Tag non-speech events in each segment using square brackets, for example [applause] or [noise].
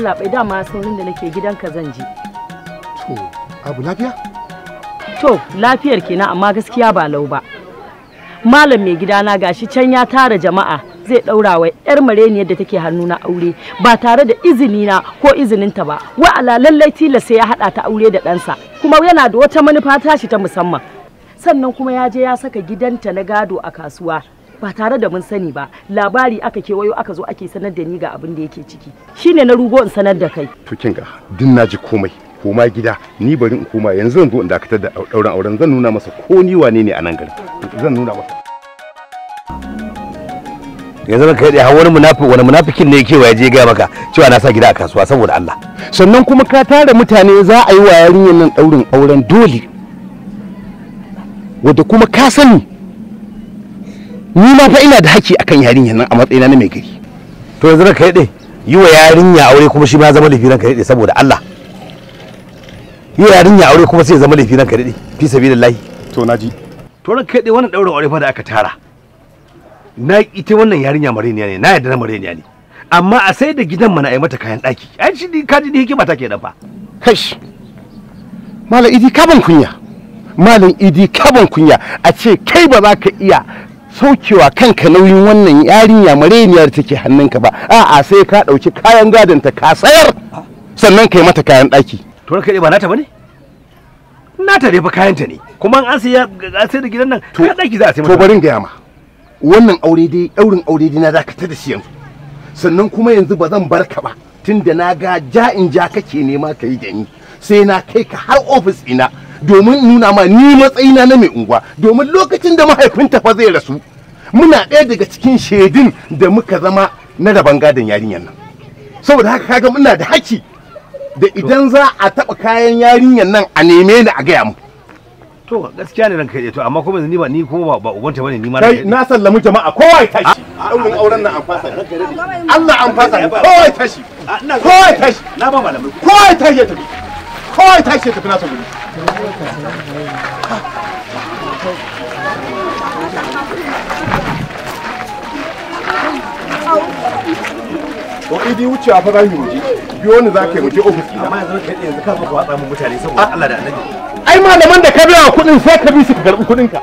Allah bai dama saurin da nake gidanka zan je. To, abu lafiya? To, lafiyar kenan amma gaskiya ba lau ba. Malam mai gidana gashi can ya tara jama'a zai daura wa 'yar mareniyar da take hannuna aure ba tare da izini na ko izinin ta ba. Wa'ala lallai tilas sai ya hada ta aure da ɗansa kuma yana da wata manufa tashi ta musamman. Sannan kuma ya je ya saka gidanta na gado a kasuwa ba tare da mun sani ba labari aka kewayo aka zo ake sanar da ni ga abin da yake ciki shine na rugo in sanar da kai to kin ga din naji komai koma gida ni bari in koma yanzu zan zo in dakatar da dauran auren zan nuna masa ko ni wane ne a nan gari zan nuna masa yanzu ka kai ha wani munafi wani munafikin ne yake waje ga maka cewa na sa gida a kasuwa saboda Allah sannan kuma ka tare mutane za a yi wa yarinyar nan daurin auren dole wanda kuma ka sani ni ma fa ina da haƙƙi akan yarinya nan a matsayina na mai gari to yanzu ranka yade yi wa yarinya aure kuma shi ma zama laifi ranka yade saboda Allah yi wa yarinya aure kuma sai zama laifi ranka yade fi sabilillahi to naji to ranka yade wannan daura aure fa da aka tara na ita wannan yarinya mareniya ne na yadda na mareniya ne amma a sai da gidan mana ai mata kayan daki ai shi ka ji hikima ta kenan fa kash malam idi kaban kunya malam idi kaban kunya a ce kai ba za ka iya saukewa kanka nauyin wannan yarinya mareniyar take hannunka ba a'a sai ka ɗauki kayan gadon ka sayar sannan kai mata kayan ɗaki to ranka ba nata bane nata dai fa kayanta ne kuma an sai an sai da gidan nan to ɗaki za a sai mata to barin ga ma wannan aure dai ɗaurin aure dai na dakatar da shi yanzu sannan kuma yanzu ba zan bar ka ba tunda na ga ja in ja kake nema ka yi da ni sai na kai ka har ofis ina domin nuna ma ni matsayina na mai unguwa domin lokacin da mahaifinta fa zai rasu muna ɗaya daga cikin shaidun da muka zama na daban gadon yarinyar nan saboda haka kaga muna da haki da idan za a taɓa kayan yarinyar nan a neme ni a gaya mu to gaskiya ne ranka to amma kuma ni ba ni ko ba ubanta bane ni ma na sallamu jama'a kowa ya tashi daurin auren nan an fasa Allah an fasa kowa ya tashi kowa ya tashi na ba kowa ya tashi ya tafi kowa ya tashi ya tafi na sallamu to idi wuce fa za mu biyo mu je ofis amma yanzu yanzu ka zo ka watsa mu mutane saboda Allah da annabi ai malaman da ka biya kuɗin sai ka bi su ka karɓi kuɗin ka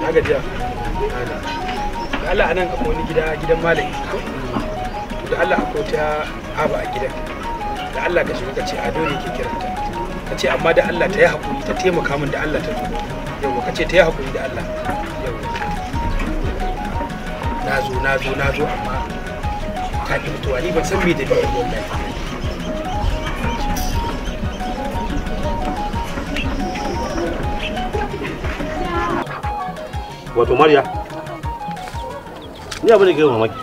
na gajiya da Allah anan akwai wani gida gidan malami da Allah akwai ta aba a gidan da Allah ka shiga ka ce ado ne ke kiranta ka ce amma da Allah ta yi hakuri ta taimaka min da Allah ta zo yau ka ce ta yi hakuri da Allah yau na zo na zo na zo amma ta ki mutuwa ni ban san me da ni wallahi wato mariya ni abin da ke mamaki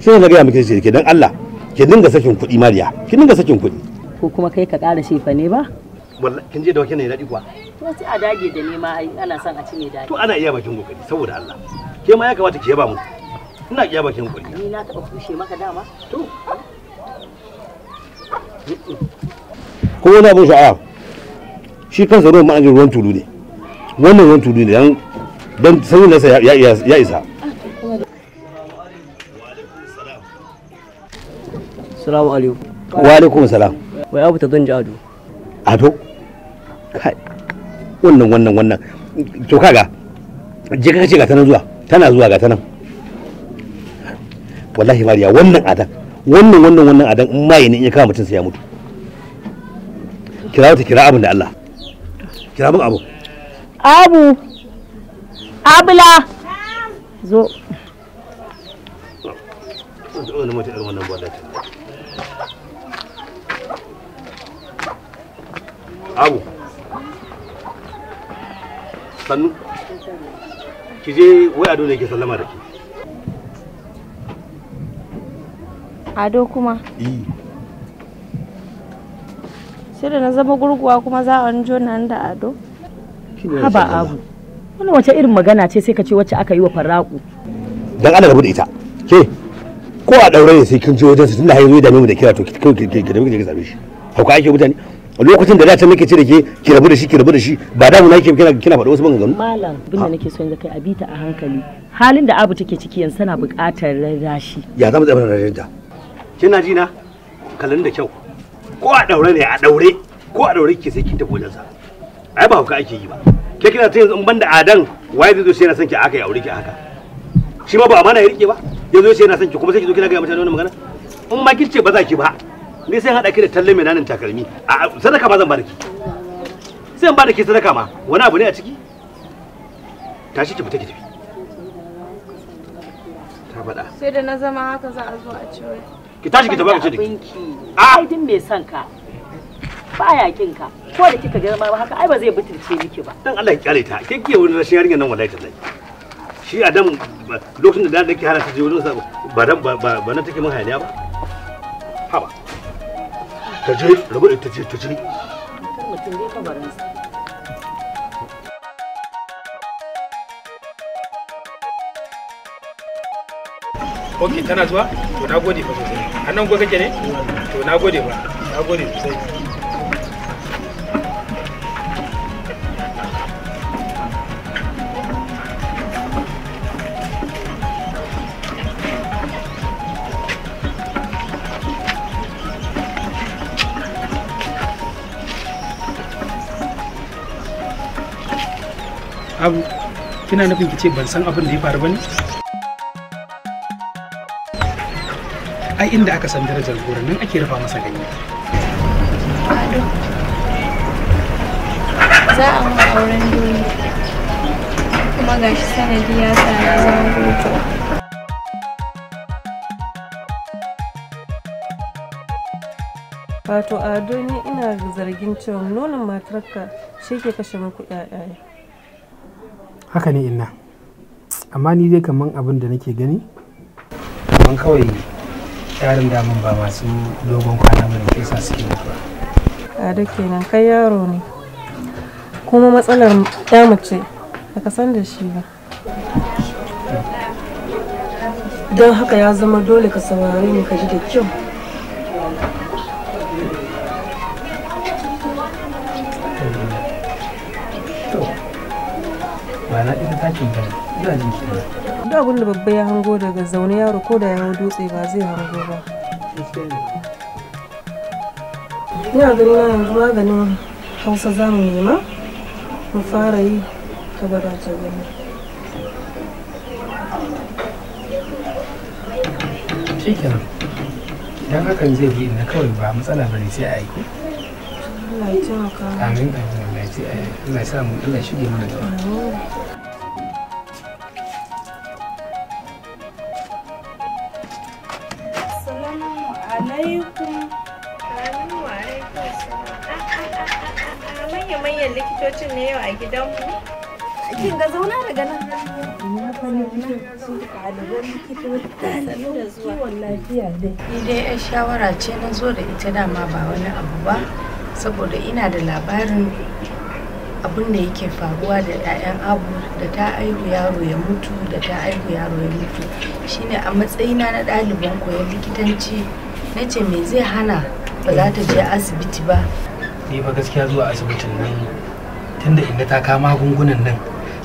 shi ne na gaya miki ce ke dan Allah ki dinga sakin kuɗi mariya ki dinga sakin kuɗi ko kuma kai ka ƙara shefa ne ba wallahi kin je da wake ne daɗi kuwa to sai a dage da nema ai ana son a ci ne daɗi to ana iya bakin kokari saboda Allah ke ma ya kamata ki yaba mu ina iya bakin kokari ni na taɓa kushe maka dama to ko wani abin sha'a shi kansa ruwan ma'ajin ruwan tulu ne wannan ruwan tulu ne don sanyin nasa ya isa salamu alaikum wa alaikum salam wai abu ta don ji ado ado kai wannan wannan wannan to kaga je ka ce ga tana zuwa tana zuwa ga tana wallahi mariya wannan adan wannan wannan wannan adan in ma yana in ya kama mutum sai ya mutu kira wata kira abin da Allah kira abin abu abu Abula. Zo. Abu. Sannu. Ki je wai Ado ne ke sallama da ke. Ado kuma? Eh. Sai da na zama gurguwa kuma za a wani jona da Ado? Haba Abu. wani wace irin magana ce sai ka ce wacce aka yi wa farraku dan ana rabu da ita ke ko a daure ne sai kin je wajen su tunda hayo da mu da kira to ki ki ki ki zabe shi hauka ake mutane lokacin da za ta muke ce da ke ki rabu da shi ki rabu da shi ba da muna kina kina faɗa wasu ganu malam bin da nake so yanzu kai abita a hankali halin da abu take ciki yanzu tana buƙatar rarrashi ya zama tsabar rarrashinta kina ji na kalin da kyau ko a daure ne a daure ko a daure ke sai kin tafi wajen sa ai ba hauka ake yi ba ke kina ta yanzu in banda adan waye zai zo sai yana son ki aka ya aure ki haka shi ma ba amana ya rike ba yanzu sai yana son ki kuma sai ki zo kina ga mutane wannan magana in ma kin ce ba za ki ba ni sai hada ki da talle mai nanin takalmi a sadaka ma zan ba ki sai in ba da ki sadaka ma wani abu ne a ciki tashi ki fita ki tafi ta faɗa sai da na zama haka za a zo a ciwo ki tashi ki tabbata ki ce da ki a ai din me son ka baya kin ka ko da kika girma ba haka ai ba zai butulce miki ba dan Allah ya kyale ta ke ke wani rashin yarinya nan wallahi tallahi shi adam lokacin da dan ta je ba dan ba ba nan take mun hayaniya ba ha ba ta je rabu ta je ta je mutum dai ok tana zuwa to na gode fa sosai a nan kake ne to na gode ba na gode sosai abu kina nufin ki ce ban san abin da ya faru bane ai inda aka san darajar gora nan ake rufa masa ganye za a mu auren dole kuma shi. sanadi ya sa na zama hutu wato ado ni ina zargin cewa nonon matarka shi ke kashe muku 'ya'ya haka ne ina amma ni dai kaman abin da nake gani kaman kawai yarin damun ba masu dogon kwana ba ke sa suke mutuwa a da kenan kai yaro ne kuma matsalar ya mace baka san da shi ba don haka ya zama dole ka saurare ni ka ji da kyau na ita takin ta ina jin shi duk abin da babba ya hango daga zaune yaro ko da ya hau dutse ba zai hango ba ina ganin yanzu maganin hausa za mu nema mu fara yi ta ta gani shikenan idan hakan zai yi na kawai ba matsala bane sai a yi ko Allah ya taimaka amin amin Allah ya sa mu Allah shige mana gaba ne yau a gidanmu kin ga zauna daga nan sun da lafiya dai ni dai yan shawara ce na zo da ita dama ba wani abu ba saboda ina da labarin abin da yake faruwa da 'ya'yan abu da ta aihu yaro ya mutu da ta aihu yaro ya mutu shine a matsayina na ɗaliban koyon likitanci na ce me zai hana ba za ta je asibiti ba ni ba gaskiya zuwa asibitin nan tunda inda ta kawo magungunan nan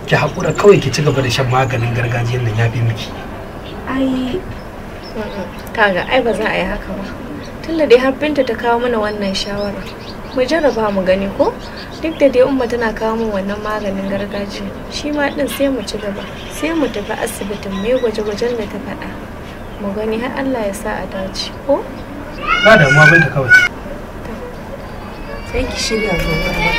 ki haƙura kawai ki ci gaba da shan maganin gargajiyan nan ya fi miki ai kaga ai ba za a yi haka ba tunda dai har binta ta kawo mana wannan shawara mu jarraba mu gani ko duk da dai umma tana kawo min wannan maganin gargajiya shi ma din sai mu ci gaba sai mu tafi asibitin mu yi gwaje-gwajen da ta faɗa mu gani har Allah ya sa a dace ko ba damuwa binta kawai sai ki shirya gobe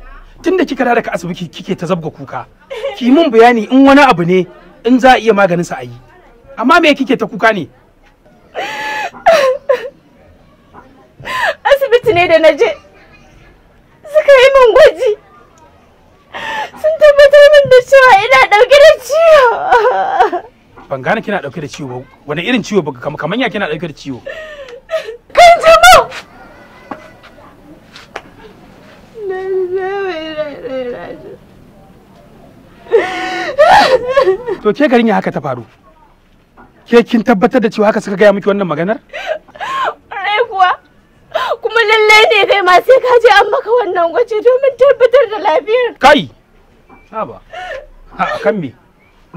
Tun da kika da ka asibiti kike ta zabga kuka ki mun bayani in wani abu ne in za iya maganin sa a yi amma me kike ta kuka ne asibiti ne da naje, je suka yi min gwaji sun tabbatar min da cewa ina dauke da ciwo ban gane kina dauke da ciwo wani irin ciwo ba kamar ya kina dauke da ciwo to ke garin ya haka ta faru ke kin tabbatar da cewa haka suka gaya miki wannan maganar rai kuwa kuma lallai ne kai ma sai ka je an maka wannan gwaji domin tabbatar da lafiyar kai haba ha kan me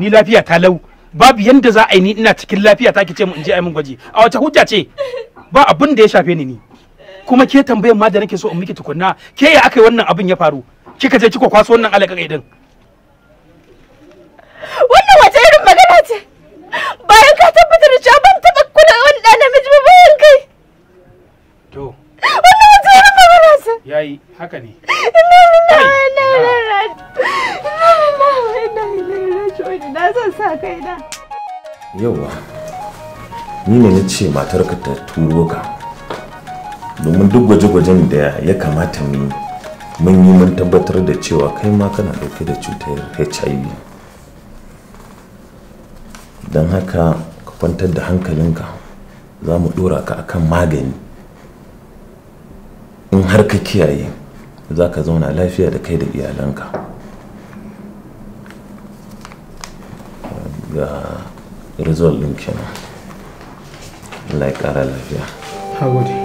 ni lafiya ta lau babu yanda za a yi ni ina cikin lafiya ta ki ce mu in je a yi min gwaji a wace hujja ce ba abin da ya shafe ni ni kuma ke tambayar ma da nake so in miki tukunna ke ya aka yi wannan abin ya faru kika je kika kwaso wannan alaƙa din bayan ka tabbatar da cewa ban taɓa kula wani ɗan namiji ba bayan kai. To. Wannan wata yana magana sa. Yayi haka ne. Ina ina ina ina ina ina ina ina ina na zan sa kai na. Yauwa. Ni ne na ce matarka ta turo ka domin duk gwaje-gwajen da ya kamata mu yi mun tabbatar da cewa kai ma kana dauke da cutar HIV. don haka ka kwantar da hankalinka za mu dora ka akan magani in har ka kiyaye za ka zauna lafiya da kai da iyalanka ga result ɗin kenan Allah ya kara lafiya.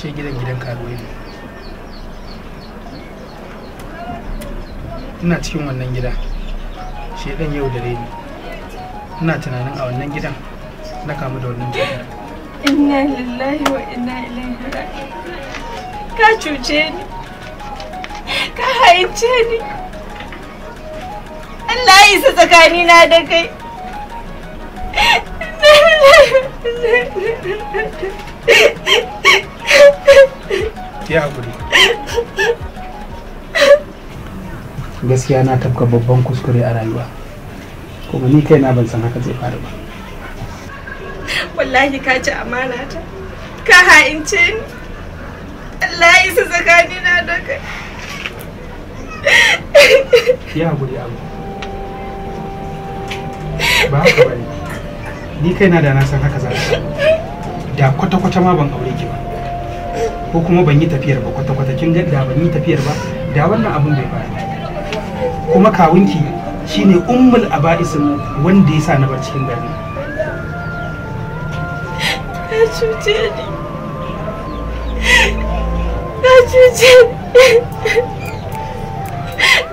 ashe gidan gidan karuwai ne ina cikin wannan gida dan yau dare ne ina tunanin a wannan gidan na kamu da wannan cutar inna lillahi wa inna ilaihi ka cuce ni ka haice ni Allah ya isa tsakanina da kai ki gaskiya na tafka babban kuskure a rayuwa kuma ni kai na ban san haka zai faru ba wallahi ka ci amana ta ka ha'ince ni Allah ya isa tsakani na da kai ya hakuri abu ba haka bane ni na da na san haka za da kwata-kwata ma ban aure ki ba ko kuma ban yi tafiyar ba kwata-kwata kin ga ban yi tafiyar ba da wannan abun bai faru kuma kawunki shine ummul aba'isin wanda ya sa na bar cikin garin na cuce ni na cuce ni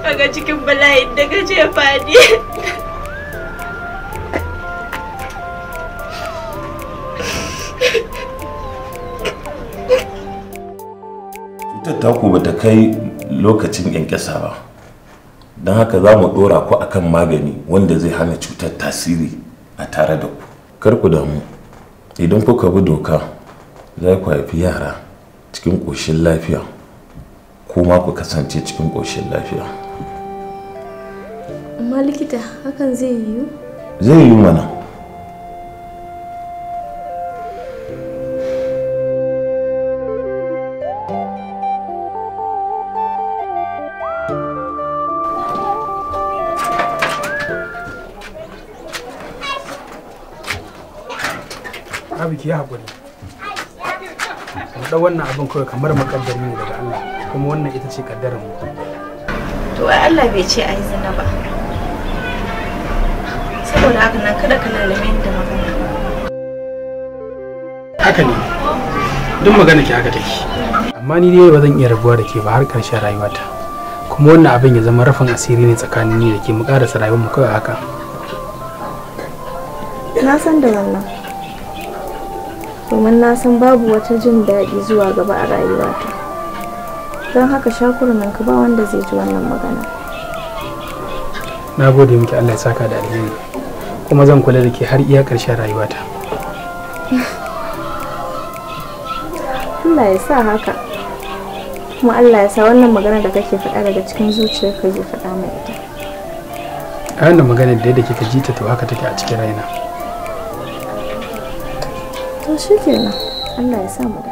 daga cikin bala'in daga jefa ne cutar taku ba ta kai lokacin ƙyanƙyasa ba don haka za mu ɗora ku akan magani wanda zai hana cutar tasiri a tare da ku kar ku damu idan kuka bi doka za ku haifi yara cikin ƙoshin lafiya kuma ku kasance cikin ƙoshin lafiya amma likita hakan zai yiwu zai yiwu mana sabi ki hakuri da wannan abin kawai kamar makaddari ne daga Allah kuma wannan ita ce kaddarar mu to ai Allah bai ce ai zina ba saboda haka nan kada ka lalame da magana haka ne duk magana ki haka take amma ni dai ba zan iya rabuwa da ke ba har ƙarshen rayuwata kuma wannan abin ya zama rafin asiri ne tsakanin ni da ke mu ƙarasa rayuwar mu kawai haka na san da wannan domin na san babu wata jin daɗi zuwa gaba a rayuwata don haka shakurunan ka ba wanda zai ji wannan magana na gode miki allah ya saka da alheri kuma zan kula da ke har iya ƙarshen rayuwata [laughs] allah ya sa haka kuma allah ya sa wannan magana da kake faɗa daga cikin zuciyarka zai faɗa mai ita a wannan magana da yadda kika ji ta to haka take a cikin raina to shi kenan Allah ya sa mu